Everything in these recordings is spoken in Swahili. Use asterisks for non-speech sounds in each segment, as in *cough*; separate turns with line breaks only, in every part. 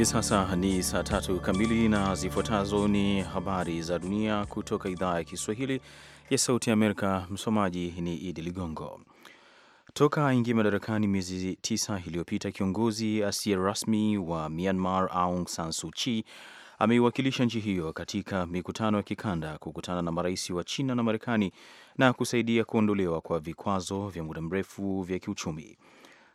Hivi sasa ni saa tatu kamili na zifuatazo ni habari za dunia kutoka idhaa ya Kiswahili ya Sauti ya Amerika. Msomaji ni Idi Ligongo. Toka aingia madarakani miezi tisa iliyopita, kiongozi asiye rasmi wa Myanmar Aung San Suu Kyi ameiwakilisha nchi hiyo katika mikutano ya kikanda kukutana na marais wa China na Marekani na kusaidia kuondolewa kwa vikwazo vya muda mrefu vya kiuchumi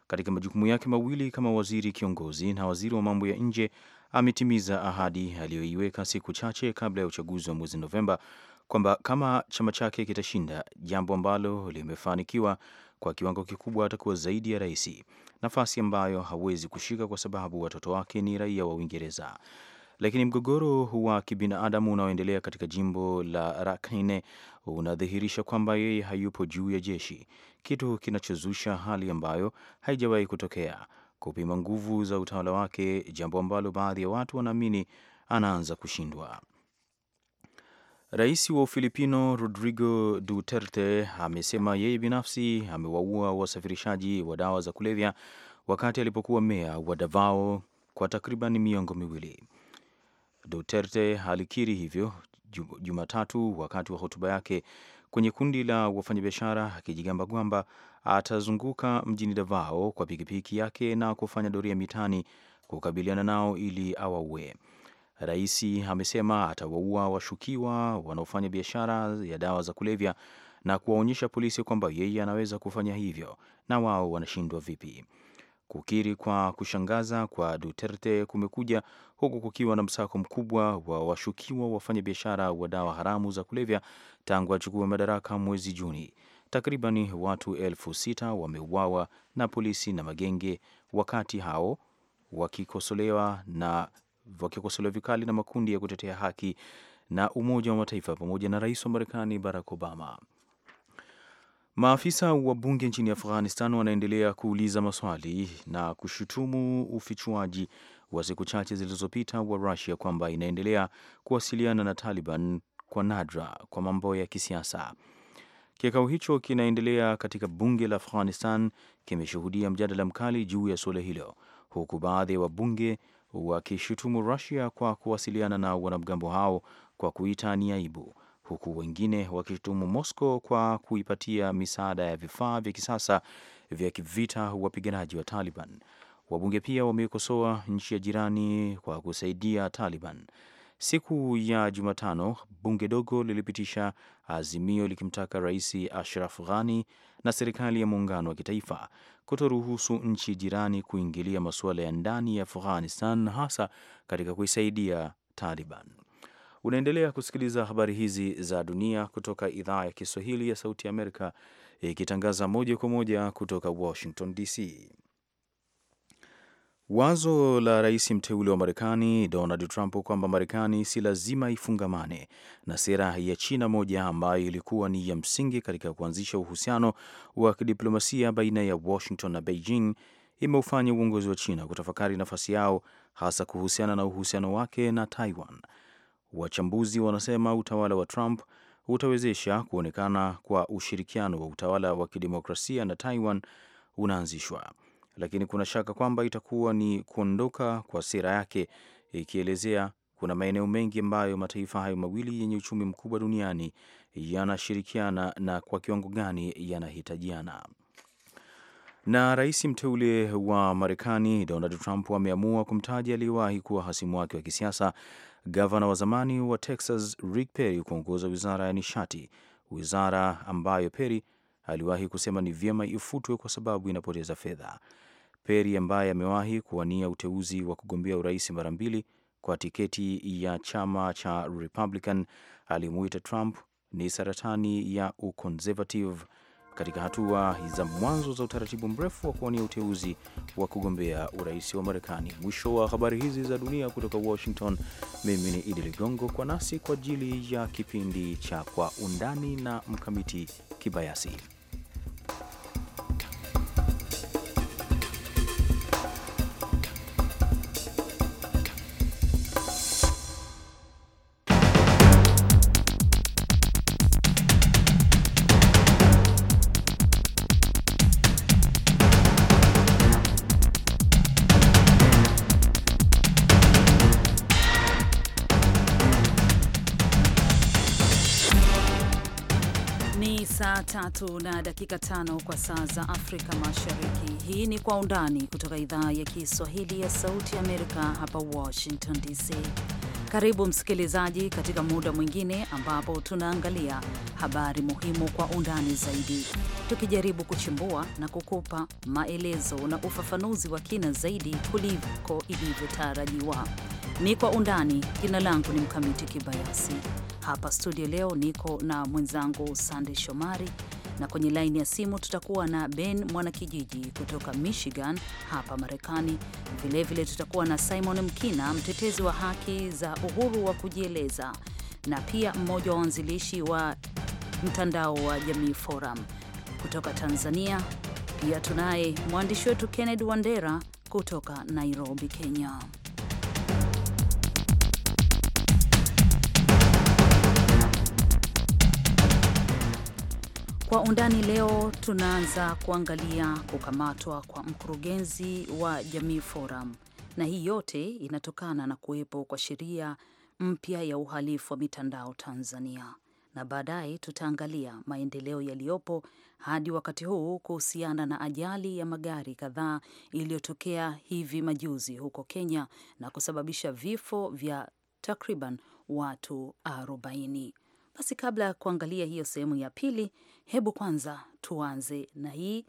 katika majukumu yake mawili kama waziri kiongozi na waziri wa mambo ya nje ametimiza ahadi aliyoiweka siku chache kabla ya uchaguzi wa mwezi Novemba kwamba kama chama chake kitashinda, jambo ambalo limefanikiwa kwa kiwango kikubwa, atakuwa zaidi ya rais, nafasi ambayo hawezi kushika kwa sababu watoto wake ni raia wa Uingereza. Lakini mgogoro wa kibinadamu unaoendelea katika jimbo la Rakhine unadhihirisha kwamba yeye hayupo juu ya jeshi, kitu kinachozusha hali ambayo haijawahi kutokea, kupima nguvu za utawala wake, jambo ambalo baadhi ya watu wanaamini anaanza kushindwa. Rais wa Ufilipino Rodrigo Duterte amesema yeye binafsi amewaua wasafirishaji wa dawa za kulevya wakati alipokuwa meya wa Davao kwa takriban miongo miwili. Duterte alikiri hivyo Jumatatu wakati wa hotuba yake kwenye kundi la wafanyabiashara, akijigamba kwamba atazunguka mjini Davao kwa pikipiki yake na kufanya doria mitani kukabiliana nao ili awaue. Raisi amesema atawaua washukiwa wanaofanya biashara ya dawa za kulevya na kuwaonyesha polisi kwamba yeye anaweza kufanya hivyo na wao wanashindwa vipi. Kukiri kwa kushangaza kwa Duterte kumekuja huku kukiwa na msako mkubwa wa washukiwa wafanyabiashara wa dawa haramu za kulevya tangu achukua madaraka mwezi Juni. Takriban watu elfu sita wameuawa na polisi na magenge, wakati hao wakikosolewa na wakikosolewa vikali na makundi ya kutetea haki na Umoja wa Mataifa pamoja na Rais wa Marekani Barack Obama. Maafisa wa bunge nchini Afghanistan wanaendelea kuuliza maswali na kushutumu ufichuaji wa siku chache zilizopita wa rusia kwamba inaendelea kuwasiliana na Taliban kwa nadra kwa mambo ya kisiasa. Kikao hicho kinaendelea katika bunge la Afghanistan kimeshuhudia mjadala mkali juu ya suala hilo, huku baadhi ya wabunge wakishutumu rasia kwa kuwasiliana na wanamgambo hao kwa kuita ni aibu huku wengine wakishutumu Moscow kwa kuipatia misaada ya vifaa vya kisasa vya kivita wapiganaji wa Taliban. Wabunge pia wamekosoa nchi ya jirani kwa kusaidia Taliban. Siku ya Jumatano, bunge dogo lilipitisha azimio likimtaka Rais Ashraf Ghani na serikali ya muungano wa kitaifa kutoruhusu nchi jirani kuingilia masuala ya ndani ya Afghanistan, hasa katika kuisaidia Taliban. Unaendelea kusikiliza habari hizi za dunia kutoka idhaa ya Kiswahili ya Sauti ya Amerika ikitangaza moja kwa moja kutoka Washington DC. Wazo la rais mteule wa Marekani Donald Trump kwamba Marekani si lazima ifungamane na sera ya China moja ambayo ilikuwa ni ya msingi katika kuanzisha uhusiano wa kidiplomasia baina ya Washington na Beijing imeufanya uongozi wa China kutafakari nafasi yao hasa kuhusiana na uhusiano wake na Taiwan Wachambuzi wanasema utawala wa Trump utawezesha kuonekana kwa ushirikiano wa utawala wa kidemokrasia na Taiwan unaanzishwa, lakini kuna shaka kwamba itakuwa ni kuondoka kwa sera yake, ikielezea kuna maeneo mengi ambayo mataifa hayo mawili yenye uchumi mkubwa duniani yanashirikiana na kwa kiwango gani yanahitajiana. Na rais mteule wa Marekani Donald Trump ameamua kumtaja aliyewahi kuwa hasimu wake wa kisiasa gavana wa zamani wa Texas Rick Perry kuongoza wizara ya nishati, wizara ambayo Perry aliwahi kusema ni vyema ifutwe kwa sababu inapoteza fedha. Perry ambaye amewahi kuwania uteuzi wa kugombea urais mara mbili kwa tiketi ya chama cha Republican alimuita Trump ni saratani ya uconservative katika hatua za mwanzo za utaratibu mrefu wa kuwania uteuzi wa kugombea urais wa Marekani. Mwisho wa habari hizi za dunia kutoka Washington, mimi ni Idi Ligongo, kwa nasi kwa ajili ya kipindi cha Kwa Undani na Mkamiti Kibayasi.
tatu na dakika tano kwa saa za Afrika Mashariki. Hii ni Kwa Undani kutoka idhaa ya Kiswahili ya Sauti ya Amerika, hapa Washington DC. Karibu msikilizaji, katika muda mwingine ambapo tunaangalia habari muhimu kwa undani zaidi, tukijaribu kuchimbua na kukupa maelezo na ufafanuzi wa kina zaidi kuliko ilivyotarajiwa. Ni Kwa Undani. Jina langu ni Mkamiti Kibayasi. Hapa studio leo niko na mwenzangu sandey Shomari na kwenye laini ya simu tutakuwa na Ben Mwanakijiji kutoka Michigan hapa Marekani. Vilevile tutakuwa na Simon Mkina, mtetezi wa haki za uhuru wa kujieleza na pia mmoja wa wanzilishi wa mtandao wa Jamii Forum kutoka Tanzania. Pia tunaye mwandishi wetu Kennedy Wandera kutoka Nairobi, Kenya. Kwa undani leo tunaanza kuangalia kukamatwa kwa mkurugenzi wa Jamii Forum, na hii yote inatokana na kuwepo kwa sheria mpya ya uhalifu wa mitandao Tanzania, na baadaye tutaangalia maendeleo yaliyopo hadi wakati huu kuhusiana na ajali ya magari kadhaa iliyotokea hivi majuzi huko Kenya na kusababisha vifo vya takriban watu 40. Basi kabla ya kuangalia hiyo sehemu ya pili, Hebu kwanza tuanze na hii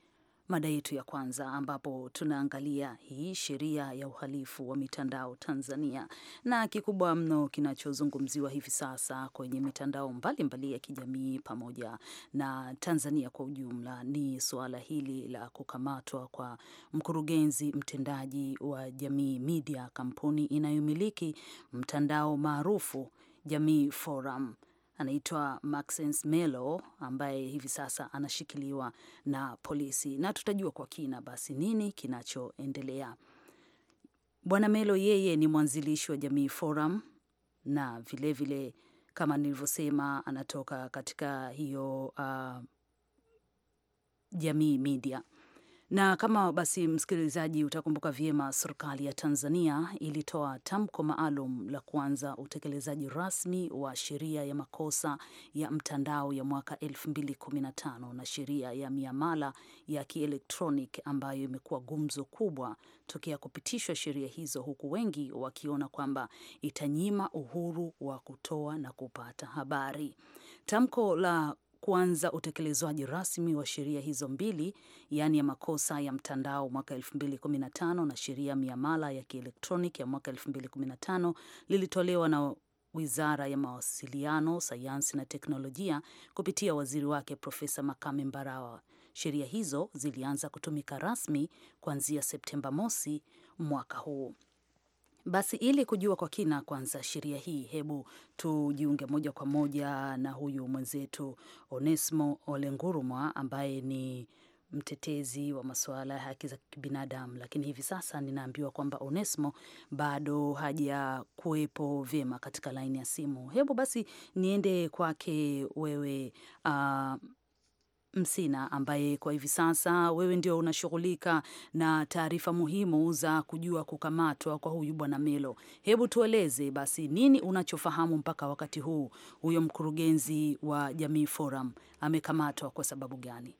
mada yetu ya kwanza ambapo tunaangalia hii sheria ya uhalifu wa mitandao Tanzania, na kikubwa mno kinachozungumziwa hivi sasa kwenye mitandao mbalimbali mbali ya kijamii pamoja na Tanzania kwa ujumla ni suala hili la kukamatwa kwa mkurugenzi mtendaji wa Jamii Media, kampuni inayomiliki mtandao maarufu Jamii Forum anaitwa Maxence Melo ambaye hivi sasa anashikiliwa na polisi, na tutajua kwa kina basi nini kinachoendelea. Bwana Melo yeye ni mwanzilishi wa Jamii Forum na vilevile vile, kama nilivyosema, anatoka katika hiyo uh, Jamii Media. Na kama basi, msikilizaji, utakumbuka vyema, serikali ya Tanzania ilitoa tamko maalum la kuanza utekelezaji rasmi wa sheria ya makosa ya mtandao ya mwaka 2015 na sheria ya miamala ya kielektroni ambayo imekuwa gumzo kubwa tokea kupitishwa sheria hizo, huku wengi wakiona kwamba itanyima uhuru wa kutoa na kupata habari. Tamko la kuanza utekelezwaji rasmi wa sheria hizo mbili, yaani ya makosa ya mtandao mwaka 2015 na sheria miamala ya kielektroniki ya mwaka 2015 lilitolewa na Wizara ya Mawasiliano, Sayansi na Teknolojia kupitia waziri wake Profesa Makame Mbarawa. Sheria hizo zilianza kutumika rasmi kuanzia Septemba mosi mwaka huu. Basi ili kujua kwa kina kwanza sheria hii, hebu tujiunge moja kwa moja na huyu mwenzetu Onesmo Olengurumwa ambaye ni mtetezi wa masuala ya haki za kibinadamu, lakini hivi sasa ninaambiwa kwamba Onesmo bado hajakuwepo vyema katika laini ya simu. Hebu basi niende kwake wewe, uh, Msina, ambaye kwa hivi sasa wewe ndio unashughulika na taarifa muhimu za kujua kukamatwa kwa huyu bwana Melo. Hebu tueleze basi nini unachofahamu mpaka wakati huu, huyo mkurugenzi wa Jamii Forum amekamatwa kwa sababu gani?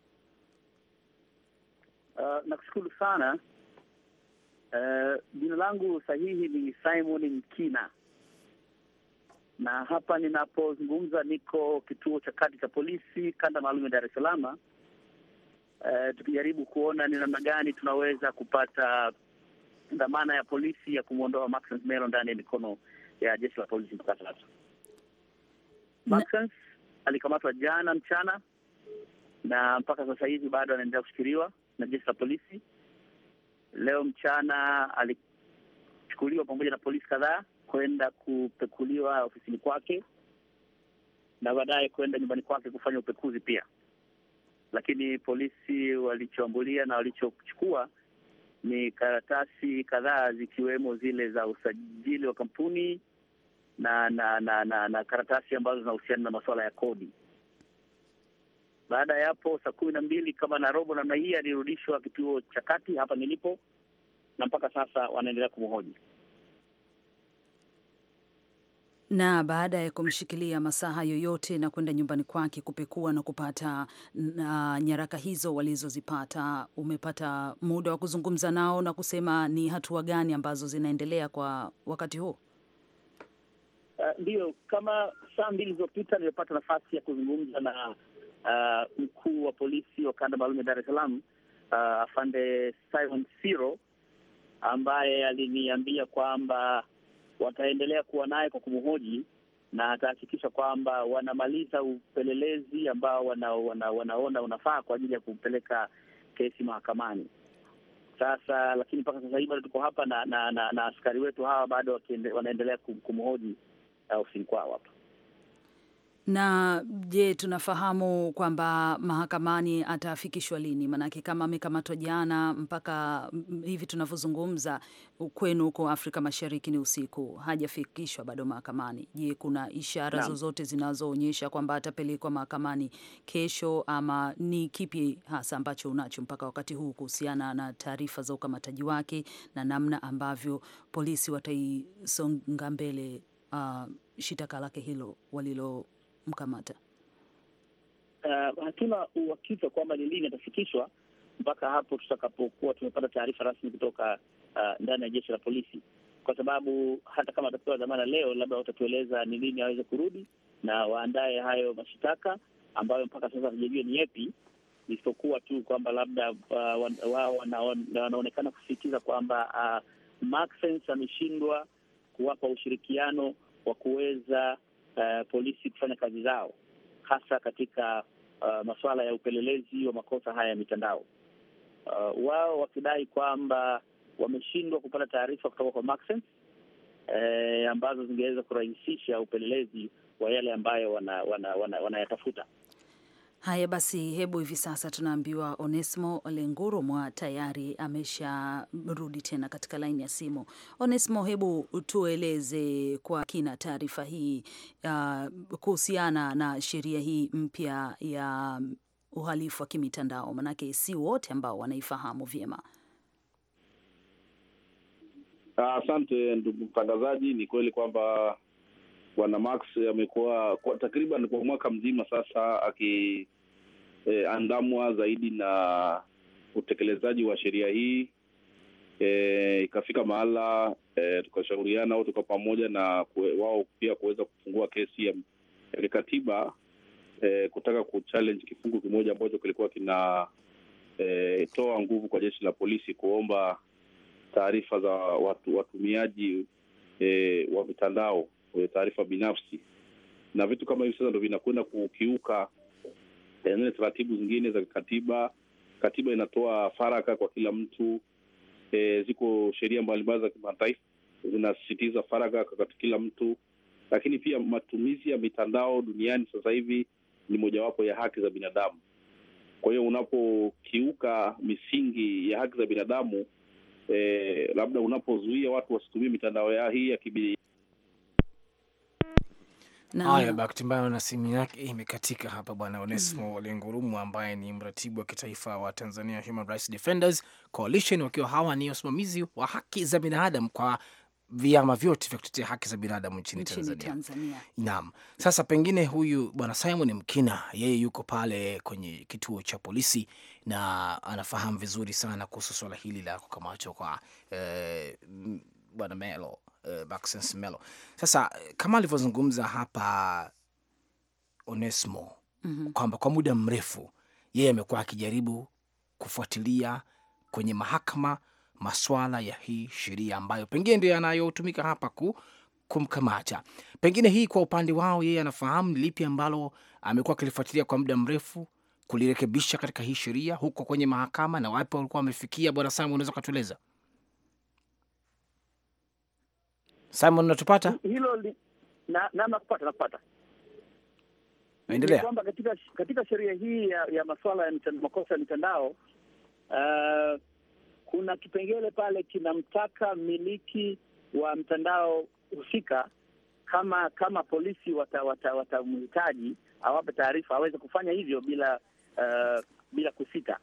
Uh, nakushukuru sana. Uh, jina uh, langu sahihi ni Simon Mkina na hapa ninapozungumza niko kituo cha kati cha polisi kanda maalum ya Dar es Salaam, uh, tukijaribu kuona ni namna gani tunaweza kupata dhamana ya polisi ya kumwondoa Maxence Melo ndani ya mikono ya jeshi la polisi mpaka sasa. Maxence alikamatwa jana mchana na mpaka sasa hivi bado anaendelea kushikiliwa na jeshi la polisi. Leo mchana alichukuliwa pamoja na polisi kadhaa kwenda kupekuliwa ofisini kwake na baadaye kwenda nyumbani kwake kufanya upekuzi pia, lakini polisi walichoambulia na walichochukua ni karatasi kadhaa zikiwemo zile za usajili wa kampuni na na na na, na karatasi ambazo zinahusiana na masuala ya kodi. Baada ya hapo, saa kumi na mbili kama na robo namna hii alirudishwa kituo cha kati hapa nilipo, na mpaka sasa wanaendelea kumhoji
na baada ya kumshikilia masaha yoyote na kwenda nyumbani kwake kupekua na kupata na ah, nyaraka hizo walizozipata, umepata muda wa kuzungumza nao na kusema ni hatua gani ambazo zinaendelea kwa wakati huu?
Ah, Ndiyo, kama saa mbili zilizopita nimepata nafasi ya kuzungumza na uh, mkuu wa polisi wa kanda maalum ya Dar es Salaam afande Simon Siro ambaye aliniambia kwamba wataendelea kuwa naye kwa kumhoji na atahakikisha kwamba wanamaliza upelelezi ambao wana, wana, wanaona unafaa kwa ajili ya kupeleka kesi mahakamani. Sasa lakini mpaka sasa hivi bado tuko hapa na na, na, na askari wetu hawa bado wanaendelea kumhoji uh, ofisini kwao hapa.
Na je, tunafahamu kwamba mahakamani atafikishwa lini? Maanake kama amekamatwa jana, mpaka hivi tunavyozungumza kwenu huko Afrika Mashariki ni usiku, hajafikishwa bado mahakamani. Je, kuna ishara zozote zinazoonyesha kwamba atapelekwa mahakamani kesho, ama ni kipi hasa ambacho unacho mpaka wakati huu kuhusiana na taarifa za ukamataji wake na namna ambavyo polisi wataisonga mbele uh, shitaka lake hilo walilo mkamata?
Uh, hatuna uhakika kwamba ni lini atafikishwa mpaka hapo tutakapokuwa tumepata taarifa rasmi kutoka uh, ndani ya jeshi la polisi, kwa sababu hata kama atapewa dhamana leo, labda watatueleza ni lini aweze kurudi na waandaye hayo mashitaka ambayo mpaka sasa hatujajua ni yepi, isipokuwa tu kwamba labda uh, wao wanaonekana kusisitiza kwamba uh, Maxence ameshindwa kuwapa ushirikiano wa kuweza uh, polisi kufanya kazi zao hasa katika uh, masuala ya upelelezi wa makosa haya ya mitandao uh, wao wakidai kwamba wameshindwa kupata taarifa kutoka kwa Maxence, eh, ambazo zingeweza kurahisisha upelelezi wa yale ambayo wanayatafuta wana, wana, wana
Haya basi, hebu hivi sasa tunaambiwa Onesmo Olengurumwa tayari amesharudi tena katika laini ya simu. Onesmo, hebu tueleze kwa kina taarifa hii uh, kuhusiana na sheria hii mpya ya uhalifu wa kimitandao, manake si wote ambao wanaifahamu vyema.
Asante uh, ndugu mtangazaji, ni kweli kwamba Bwana Max amekuwa kwa takriban kwa mwaka mzima sasa aki eh, andamwa zaidi na utekelezaji wa sheria hii eh, ikafika mahala eh, tukashauriana au tuka pamoja na kue, wao pia kuweza kufungua kesi ya, ya kikatiba eh, kutaka kuchallenge kifungu kimoja ambacho kilikuwa kinatoa eh, nguvu kwa jeshi la polisi kuomba taarifa za watu, watumiaji eh, wa mitandao, eh, taarifa binafsi na vitu kama hivi. Sasa ndo vinakwenda kukiuka zile yaani taratibu zingine za katiba. Katiba inatoa faraka kwa kila mtu e, ziko sheria mbalimbali za kimataifa zinasisitiza faraka kwa kila mtu, lakini pia matumizi ya mitandao duniani sasa hivi ni mojawapo ya haki za binadamu. Kwa hiyo unapokiuka misingi ya haki za binadamu, e, labda unapozuia watu wasitumie mitandao ya hii ya
Haya bahati mbaya na simu yake imekatika hapa bwana Onesmo Lengurumu ambaye ni mratibu wa kitaifa wa Tanzania Human Rights Defenders Coalition, wakiwa hawa ni wasimamizi wa haki za binadamu kwa vyama vyote vya kutetea haki za binadamu nchini Tanzania, Tanzania. Naam, sasa pengine huyu bwana Simon Mkina yeye yuko pale kwenye kituo cha polisi na anafahamu vizuri sana kuhusu swala hili la kukamatwa kwa eh, bwana Melo uh, eh, Melo. Sasa kama alivyozungumza hapa Onesmo mm -hmm. kwamba kwa muda mrefu yeye amekuwa akijaribu kufuatilia kwenye mahakama maswala ya hii sheria ambayo pengine ndio yanayotumika hapa ku kumkamata pengine hii kwa upande wao, yeye anafahamu ni lipi ambalo amekuwa akilifuatilia kwa muda mrefu kulirekebisha katika hii sheria huko kwenye mahakama, na wapi walikuwa wamefikia? Bwana Sam, unaweza ukatueleza? Simon, unatupata hilo li, na, na nakupata nakupata. Naendelea kwamba katika, katika
sheria hii ya, ya masuala ya makosa ya mitandao uh, kuna kipengele pale kinamtaka mmiliki wa mtandao husika kama kama polisi watamhitaji wata, wata awape taarifa aweze kufanya hivyo bila uh, bila kusita.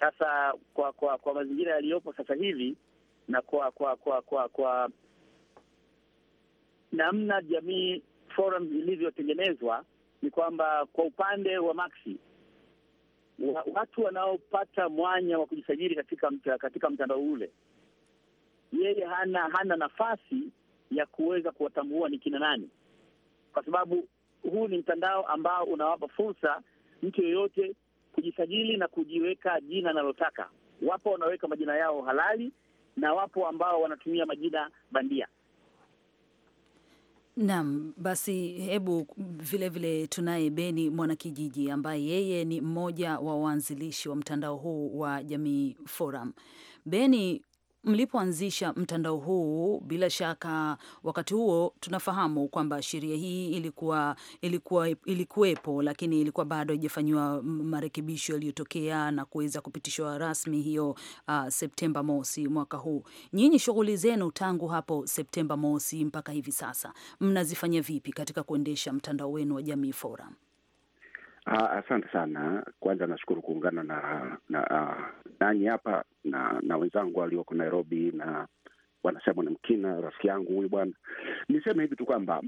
Sasa kwa kwa, kwa mazingira yaliyopo sasa hivi na kwa kwa kwa kwa, kwa namna jamii forum ilivyotengenezwa ni kwamba kwa upande wa Maxi wa, watu wanaopata mwanya wa kujisajili katika mta, katika mtandao ule, yeye hana hana nafasi ya kuweza kuwatambua ni kina nani, kwa sababu huu ni mtandao ambao unawapa fursa mtu yoyote kujisajili na kujiweka jina analotaka. Wapo wanaweka majina yao halali na wapo ambao wanatumia majina
bandia.
Naam, basi hebu vilevile tunaye Beni Mwanakijiji ambaye yeye ni mmoja wa waanzilishi wa mtandao huu wa Jamii Forum. Beni, mlipoanzisha mtandao huu, bila shaka wakati huo tunafahamu kwamba sheria hii ilikuwa ilikuwa ilikuwepo, lakini ilikuwa bado haijafanyiwa marekebisho yaliyotokea na kuweza kupitishwa rasmi hiyo uh, Septemba mosi mwaka huu. Nyinyi shughuli zenu tangu hapo Septemba mosi mpaka hivi sasa mnazifanya vipi katika kuendesha mtandao wenu wa Jamii Forum?
Ah, asante sana. Kwanza nashukuru kuungana na na ah, nanyi hapa na na wenzangu walioko Nairobi na wanasema na Mkina, rafiki yangu huyu. Bwana, niseme hivi tu kwamba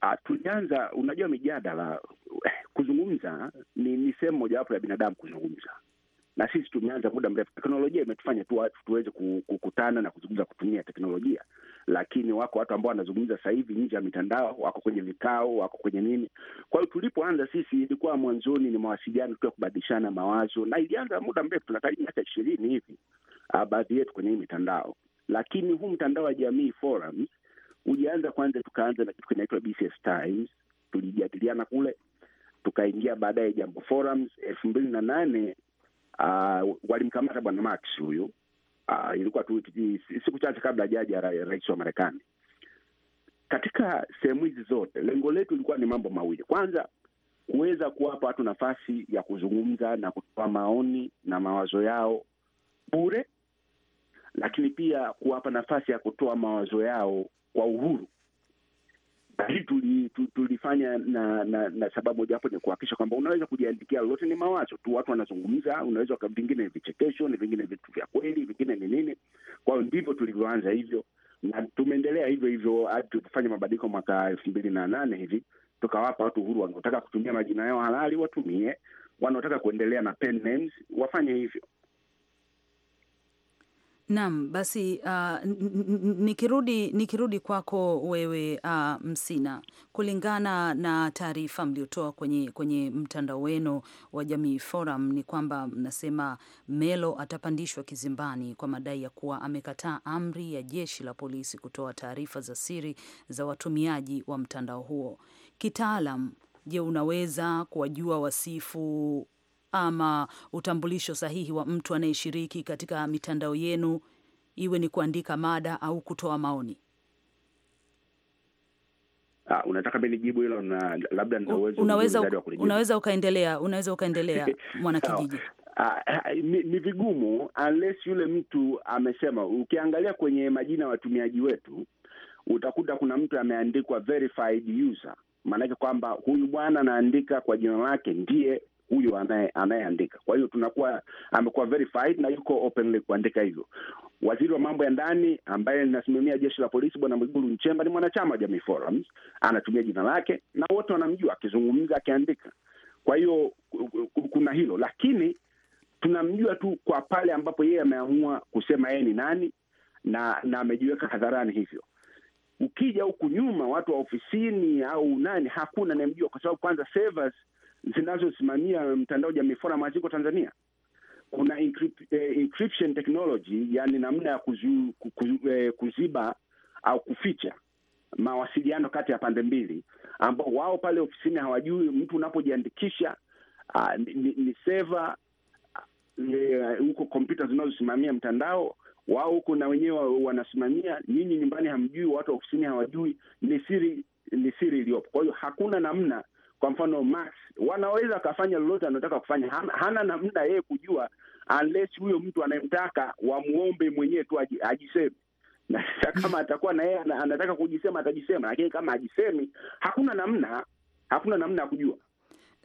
ah, tulianza, unajua mijadala, eh, kuzungumza ni, ni sehemu mojawapo ya binadamu kuzungumza na sisi tumeanza muda mrefu. Teknolojia imetufanya tu watu tuweze kukutana na kuzungumza kutumia teknolojia, lakini wako watu ambao wanazungumza sasa hivi nje ya mitandao, wako kwenye vikao, wako kwenye nini. Kwa hiyo tulipoanza sisi, ilikuwa mwanzoni ni mawasiliano tu ya kubadilishana mawazo, na ilianza muda mrefu, karibu miaka ishirini hivi ah, baadhi yetu kwenye hii mitandao, lakini huu mtandao wa jamii forums ulianza kwanza, tukaanza na kitu kinaitwa BCS Times, tulijadiliana kule, tukaingia baadaye Jambo Forums elfu mbili na nane Uh, walimkamata bwana Max huyu. Uh, ilikuwa tu siku chache kabla jaji ya rais wa Marekani. Katika sehemu hizi zote, lengo letu ilikuwa ni mambo mawili. Kwanza, kuweza kuwapa watu nafasi ya kuzungumza na kutoa maoni na mawazo yao bure, lakini pia kuwapa nafasi ya kutoa mawazo yao kwa uhuru bali tulifanya na, na na sababu mojawapo ni kuhakikisha kwamba unaweza kujiandikia lolote. Ni mawazo tu, watu wanazungumza, unaweza vingine vichekesho, ni vingine vitu vya kweli, vingine ni nini. Kwa hiyo ndivyo tulivyoanza hivyo, na tumeendelea hivyo hivyo hadi tukifanya mabadiliko mwaka elfu mbili na nane hivi, tukawapa watu uhuru, wanaotaka kutumia majina yao halali watumie, wanaotaka kuendelea na pen names wafanye hivyo.
Naam, basi uh, nikirudi nikirudi kwako wewe uh, Msina, kulingana na taarifa mliotoa kwenye, kwenye mtandao wenu wa Jamii Forum ni kwamba mnasema Melo atapandishwa kizimbani kwa madai ya kuwa amekataa amri ya jeshi la polisi kutoa taarifa za siri za watumiaji wa mtandao huo. Kitaalam, je, unaweza kuwajua wasifu ama utambulisho sahihi wa mtu anayeshiriki katika mitandao yenu, iwe ni kuandika mada au kutoa maoni?
Ha, ah, unataka mimi nijibu hilo na labda nina uwezo unaweza, unaweza
ukaendelea, unaweza ukaendelea *laughs* mwanakijiji. Ah, ah, ni, ni vigumu unless yule
mtu amesema. Ukiangalia kwenye majina ya watumiaji wetu utakuta kuna mtu ameandikwa verified user, maanake kwamba huyu bwana anaandika kwa jina lake ndiye huyo anayeandika. Kwa hiyo tunakuwa amekuwa verified na yuko openly kuandika hivyo. Waziri wa mambo ya ndani ambaye linasimamia jeshi la polisi Bwana Mwigulu Nchemba ni mwanachama wa Jamii Forums, anatumia jina lake na wote wanamjua akizungumza, akiandika. Kwa hiyo kuna hilo, lakini tunamjua tu kwa pale ambapo yeye ameamua kusema yeye ni nani na na amejiweka hadharani hivyo. Ukija huku nyuma, watu wa ofisini au nani, hakuna anayemjua kwa sababu kwanza servers zinazosimamia mtandao jamii forum haziko Tanzania. Kuna encrypt, eh, encryption technology, yani namna ya kuzu, kuzu, eh, kuziba au kuficha mawasiliano kati ya pande mbili, ambao wao pale ofisini hawajui. Mtu unapojiandikisha uh, ni, ni seva ah, eh, huko, uh, kompyuta zinazosimamia mtandao wao huko na wenyewe wanasimamia. Nyinyi nyumbani hamjui, watu wa ofisini hawajui, ni siri, ni siri iliyopo. Kwa hiyo hakuna namna kwa mfano Max, wanaweza akafanya lolote anataka kufanya, hana, hana namna yeye kujua, unless huyo mtu anayemtaka wamuombe mwenyewe tu ajiseme *laughs* na sasa kama atakuwa na yeye anataka kujisema atajisema, lakini kama ajisemi, hakuna namna, hakuna namna ya kujua.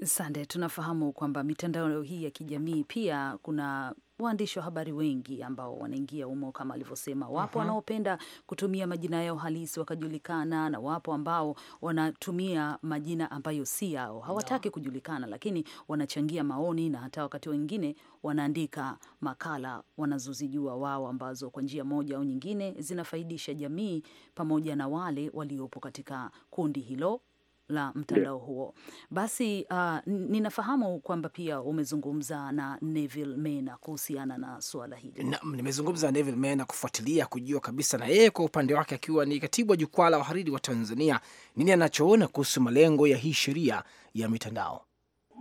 Sande, tunafahamu kwamba mitandao hii ya kijamii pia kuna waandishi wa habari wengi ambao wanaingia humo kama alivyosema, wapo mhm. wanaopenda uh -huh. kutumia majina yao halisi wakajulikana, na wapo ambao wanatumia majina ambayo si yao, hawataki no. kujulikana, lakini wanachangia maoni na hata wakati wengine wanaandika makala wanazozijua wao, ambazo kwa njia moja au nyingine zinafaidisha jamii pamoja na wale waliopo katika kundi hilo la mtandao huo. Basi uh, ninafahamu kwamba pia umezungumza na Neville Mena kuhusiana na suala hili. Naam,
nimezungumza na Neville Mena kufuatilia kujua kabisa na yeye kwa upande wake, akiwa ni katibu wa jukwaa la wahariri wa Tanzania, nini anachoona kuhusu malengo ya hii sheria ya mitandao.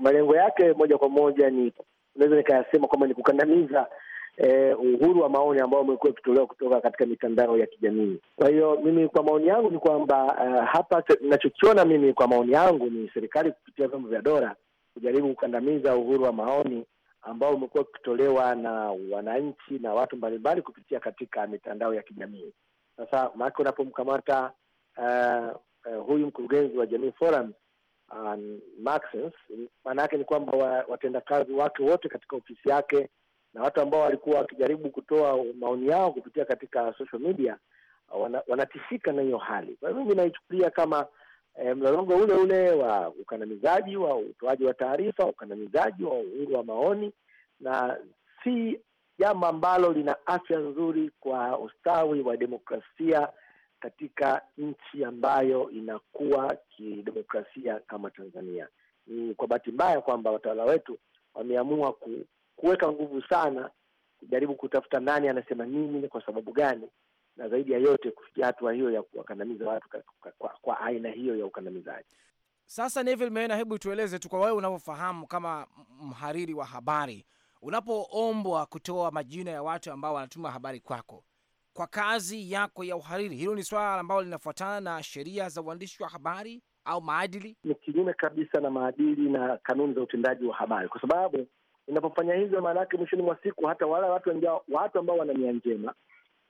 Malengo
yake moja kwa moja ni naweza nikayasema kwamba ni kukandamiza eh, uhuru wa maoni ambao umekuwa ukitolewa kutoka katika mitandao ya kijamii. Kwa hiyo mimi kwa maoni yangu ni kwamba uh, hapa inachokiona mimi kwa maoni yangu ni serikali kupitia vyombo vya dola kujaribu kukandamiza uhuru wa maoni ambao umekuwa ukitolewa na wananchi na watu mbalimbali kupitia katika mitandao ya kijamii. Sasa maake unapomkamata uh, uh, huyu mkurugenzi wa Jamii Forum um, maana yake ni kwamba watendakazi wake wote katika ofisi yake na watu ambao walikuwa wakijaribu kutoa maoni yao kupitia katika social media wana, wanatishika na hiyo hali. Kwa hivyo mimi naichukulia kama eh, mlolongo ule ule wa ukandamizaji wa utoaji wa taarifa, ukandamizaji wa uhuru wa maoni, na si jambo ambalo lina afya nzuri kwa ustawi wa demokrasia katika nchi ambayo inakuwa kidemokrasia kama Tanzania. Ni kwa bahati mbaya kwamba watawala wetu wameamua kuweka nguvu sana kujaribu kutafuta nani anasema nini kwa sababu gani, na zaidi ya yote kufikia hatua hiyo ya kuwakandamiza watu kwa, kwa, kwa aina hiyo ya ukandamizaji.
Sasa Neville Meena, hebu tueleze tu kwa wewe unavyofahamu kama mhariri wa habari, unapoombwa kutoa majina ya watu ambao wanatuma habari kwako kwa kazi yako ya uhariri, hilo ni swala ambalo linafuatana na sheria za uandishi wa habari au maadili?
Ni kinyume kabisa na maadili na kanuni za utendaji wa habari, kwa sababu Inapofanya hivyo, maana yake mwishoni mwa siku hata wala watu wengi, watu ambao wana nia njema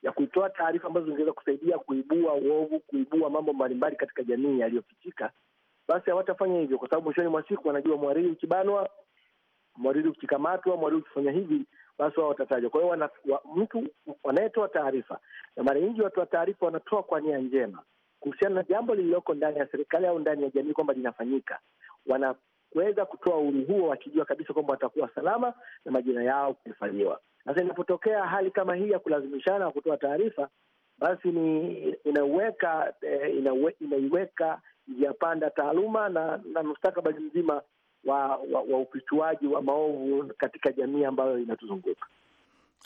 ya kuitoa taarifa ambazo zingeweza kusaidia kuibua uovu, kuibua mambo mbalimbali katika jamii yaliyofichika, basi hawatafanya hivyo, kwa sababu mwishoni mwa siku wanajua mwariri ukibanwa, mwariri ukikamatwa, mwariri ukifanya hivi, basi wao watatajwa. Kwa hiyo wana, wa, mtu wanayetoa taarifa, na mara nyingi watu wa taarifa wanatoa kwa nia njema kuhusiana na jambo lililoko ndani ya serikali au ndani ya jamii kwamba linafanyika, wana kuweza kutoa uhuru huo, wakijua kabisa kwamba watakuwa salama na majina yao kuhifadhiwa. Sasa inapotokea hali kama hii ya kulazimishana kutoa taarifa, basi ni inaiweka eh, inaiweka inawe, njia panda taaluma na, na mustakabali mzima wa, wa, wa ufichuaji wa maovu katika jamii ambayo inatuzunguka.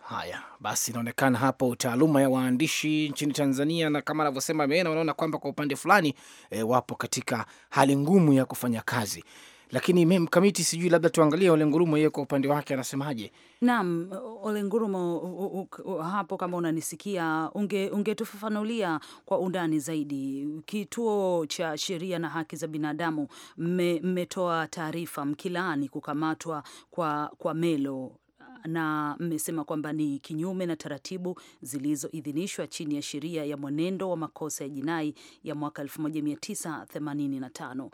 Haya basi, inaonekana hapo taaluma ya waandishi nchini Tanzania, na kama anavyosema Meena, wanaona kwamba kwa upande fulani e, wapo katika hali ngumu ya kufanya kazi lakini mkamiti, sijui labda tuangalie Ole Ngurumo, yeye kwa upande wake anasemaje?
Naam, Ole Ngurumo, hapo kama unanisikia, ungetufafanulia unge kwa undani zaidi. Kituo cha Sheria na Haki za Binadamu mmetoa taarifa mkilaani kukamatwa kwa, kwa Melo na mmesema kwamba ni kinyume na taratibu zilizoidhinishwa chini ya sheria ya mwenendo wa makosa ya jinai ya mwaka 1985.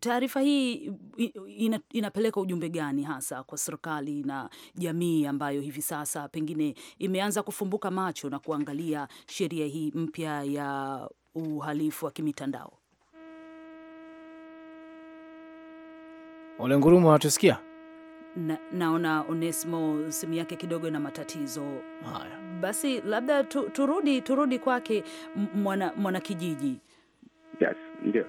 Taarifa hii ina, inapeleka ujumbe gani hasa kwa serikali na jamii ambayo hivi sasa pengine imeanza kufumbuka macho na kuangalia sheria hii mpya ya uhalifu wa kimitandao?
Ole Ngurumo, wanatusikia?
na, naona Onesimo simu yake kidogo ina matatizo haya. Basi labda tu, turudi turudi kwake mwana, mwana kijiji.
Yes, ndio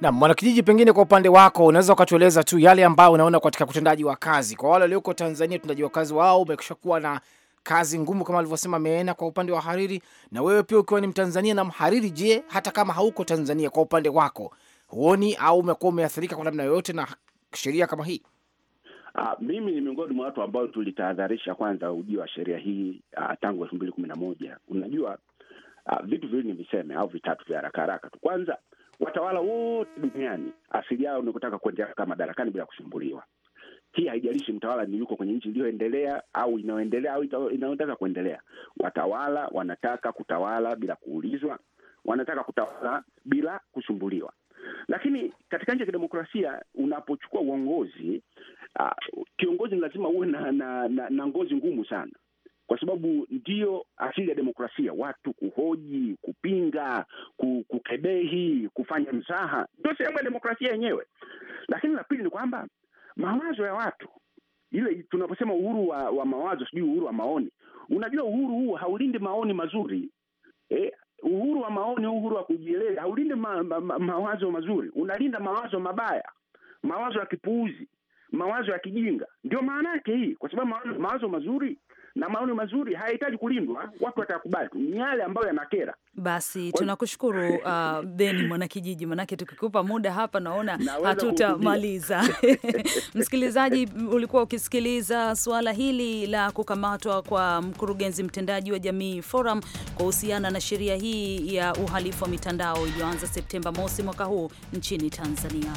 na mwanakijiji, pengine kwa upande wako unaweza ukatueleza tu yale ambayo unaona katika utendaji wa kazi kwa wale walioko Tanzania. Utendaji wa kazi wao umekisha kuwa na kazi ngumu kama alivyosema Meena kwa upande wa hariri, na wewe pia ukiwa ni Mtanzania na mhariri, je, hata kama hauko Tanzania, kwa upande wako huoni au umekuwa umeathirika kwa namna yoyote na sheria kama hii?
Uh, mimi ni miongoni mwa watu ambao tulitahadharisha kwanza ujio wa sheria hii uh, tangu elfu mbili kumi na moja. Unajua uh, vitu viwili ni viseme au vitatu vya haraka haraka tu. Kwanza, watawala wote duniani asili yao ni kutaka kuendelea madarakani bila kusumbuliwa. Hii haijalishi mtawala ni yuko kwenye nchi iliyoendelea au inayoendelea au inayotaka kuendelea. Watawala wanataka kutawala bila kuulizwa, wanataka kutawala bila kusumbuliwa. Lakini katika nchi ya kidemokrasia unapochukua uongozi uh, kiongozi ni lazima uwe na, na, na, na ngozi ngumu sana, kwa sababu ndiyo asili ya demokrasia, watu kuhoji, kupinga, kukebehi, kufanya msaha ndio sehemu ya demokrasia yenyewe. Lakini la pili ni kwamba mawazo ya watu ile tunaposema uhuru wa, wa mawazo sijui uhuru wa maoni, unajua uhuru huu haulindi maoni mazuri eh, uhuru wa maoni, uhuru wa kujieleza haulinde ma, ma, ma, mawazo mazuri, unalinda mawazo mabaya, mawazo ya kipuuzi, mawazo ya kijinga. Ndio maana yake hii, kwa sababu mawazo mazuri na maoni mazuri hayahitaji kulindwa, watu watayakubali
tu, ni yale ambayo yanakera. Basi tunakushukuru *laughs* uh, Ben Mwanakijiji, manake tukikupa muda hapa naona hatutamaliza. *laughs* Msikilizaji, ulikuwa ukisikiliza suala hili la kukamatwa kwa mkurugenzi mtendaji wa Jamii Forum kuhusiana na sheria hii ya uhalifu wa mitandao iliyoanza Septemba mosi mwaka huu nchini Tanzania.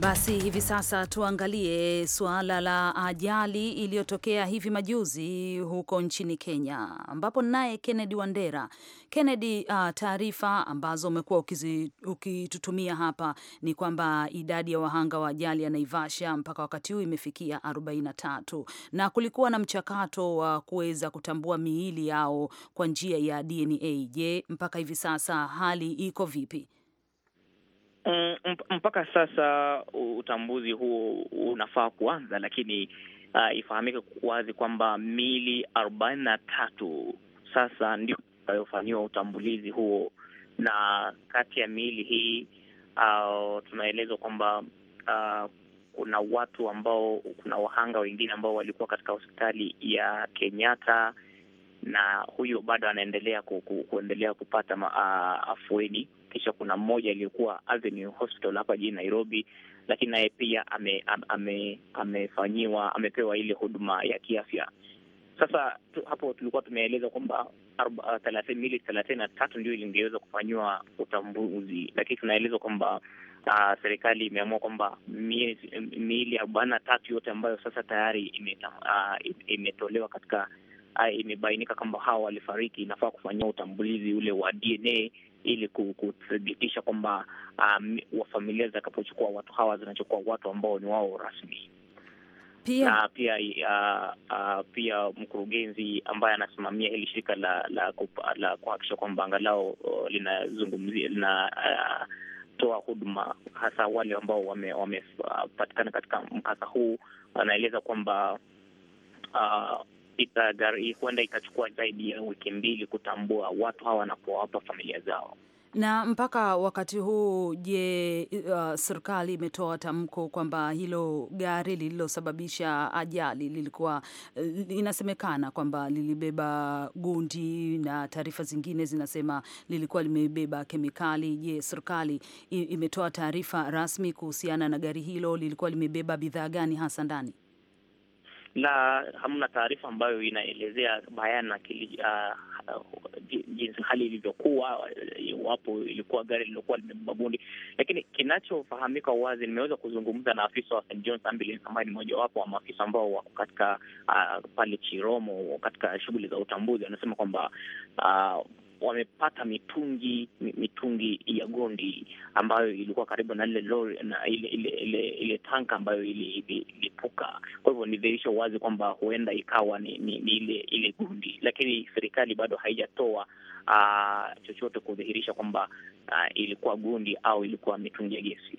Basi hivi sasa tuangalie suala la ajali iliyotokea hivi majuzi huko nchini Kenya, ambapo naye Kennedy Wandera. Kennedy, uh, taarifa ambazo umekuwa ukitutumia hapa ni kwamba idadi ya wahanga wa ajali ya Naivasha mpaka wakati huu imefikia 43 na kulikuwa na mchakato wa kuweza kutambua miili yao kwa njia ya DNA. Je, mpaka hivi sasa hali iko vipi?
Um, um, mpaka sasa utambuzi huo unafaa kuanza, lakini uh, ifahamike wazi kwamba mili arobaini na tatu sasa ndio itakayofanyiwa utambulizi huo, na kati ya miili hii uh, tunaelezwa kwamba uh, kuna watu ambao, kuna wahanga wengine ambao walikuwa katika hospitali ya Kenyatta, na huyo bado anaendelea ku, ku, kuendelea kupata uh, afueni kisha kuna mmoja aliyekuwa Avenue Hospital hapa jijini Nairobi, lakini naye pia ame, ame, amefanyiwa amepewa ile huduma ya kiafya. Sasa tu, hapo tulikuwa tumeeleza kwamba mili thelathini na tatu ndio lingeweza kufanyiwa utambuzi, lakini tunaeleza kwamba uh, serikali imeamua kwamba miili arobaini na tatu yote ambayo sasa tayari imetolewa uh, imetolewa uh, imebainika kwamba hawa walifariki, inafaa kufanyiwa utambulizi ule wa DNA ili kuthibitisha kwamba um, familia zitakapochukua watu hawa zinachukua watu ambao ni wao rasmi pia na pia uh, uh, pia mkurugenzi ambaye anasimamia hili shirika la la, la kuhakikisha kwamba angalao uh, linazungumzia lina uh, toa huduma hasa wale ambao wamepatikana wame, uh, katika mkasa huu, anaeleza kwamba uh, katika gari huenda ikachukua zaidi ya wiki mbili kutambua watu hawa wanapowapa familia zao.
Na mpaka wakati huu, je, uh, serikali imetoa tamko kwamba hilo gari lililosababisha ajali lilikuwa uh, inasemekana kwamba lilibeba gundi na taarifa zingine zinasema lilikuwa limebeba kemikali. Je, serikali imetoa taarifa rasmi kuhusiana na gari hilo, lilikuwa limebeba bidhaa gani hasa ndani?
na hamna taarifa ambayo inaelezea bayana kili, uh, jinsi hali ilivyokuwa, iwapo ilikuwa gari lililokuwa limebeba bundi. Lakini kinachofahamika wazi, nimeweza kuzungumza na afisa wa St John's Ambulance ambaye ni mojawapo wa maafisa ambao wako katika uh, pale Chiromo katika shughuli za utambuzi, anasema kwamba uh, wamepata mitungi mitungi ya gondi ambayo ilikuwa karibu na ile lori na ile ile ile, ile tanka ambayo ilipuka. Kwa hivyo ni dhihirisho wazi kwamba huenda ikawa ni, ni, ni ile ile gondi, lakini serikali bado haijatoa chochote kudhihirisha kwamba ilikuwa gondi au ilikuwa mitungi ya gesi.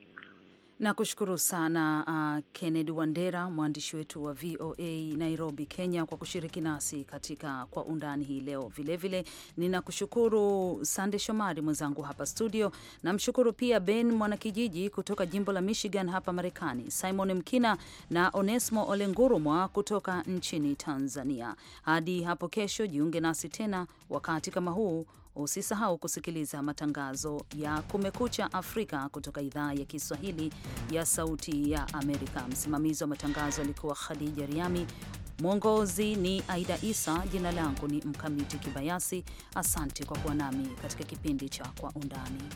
Nakushukuru sana uh, Kennedy Wandera, mwandishi wetu wa VOA Nairobi, Kenya, kwa kushiriki nasi katika Kwa Undani hii leo. Vilevile ninakushukuru Sande Shomari, mwenzangu hapa studio. Namshukuru pia Ben Mwanakijiji kutoka jimbo la Michigan hapa Marekani, Simon Mkina na Onesmo Olengurumwa kutoka nchini Tanzania. Hadi hapo kesho, jiunge nasi tena wakati kama huu Usisahau kusikiliza matangazo ya Kumekucha Afrika kutoka idhaa ya Kiswahili ya Sauti ya Amerika. Msimamizi wa matangazo alikuwa Khadija Riami, mwongozi ni Aida Isa. Jina langu ni Mkamiti Kibayasi. Asante kwa kuwa nami katika kipindi cha Kwa Undani.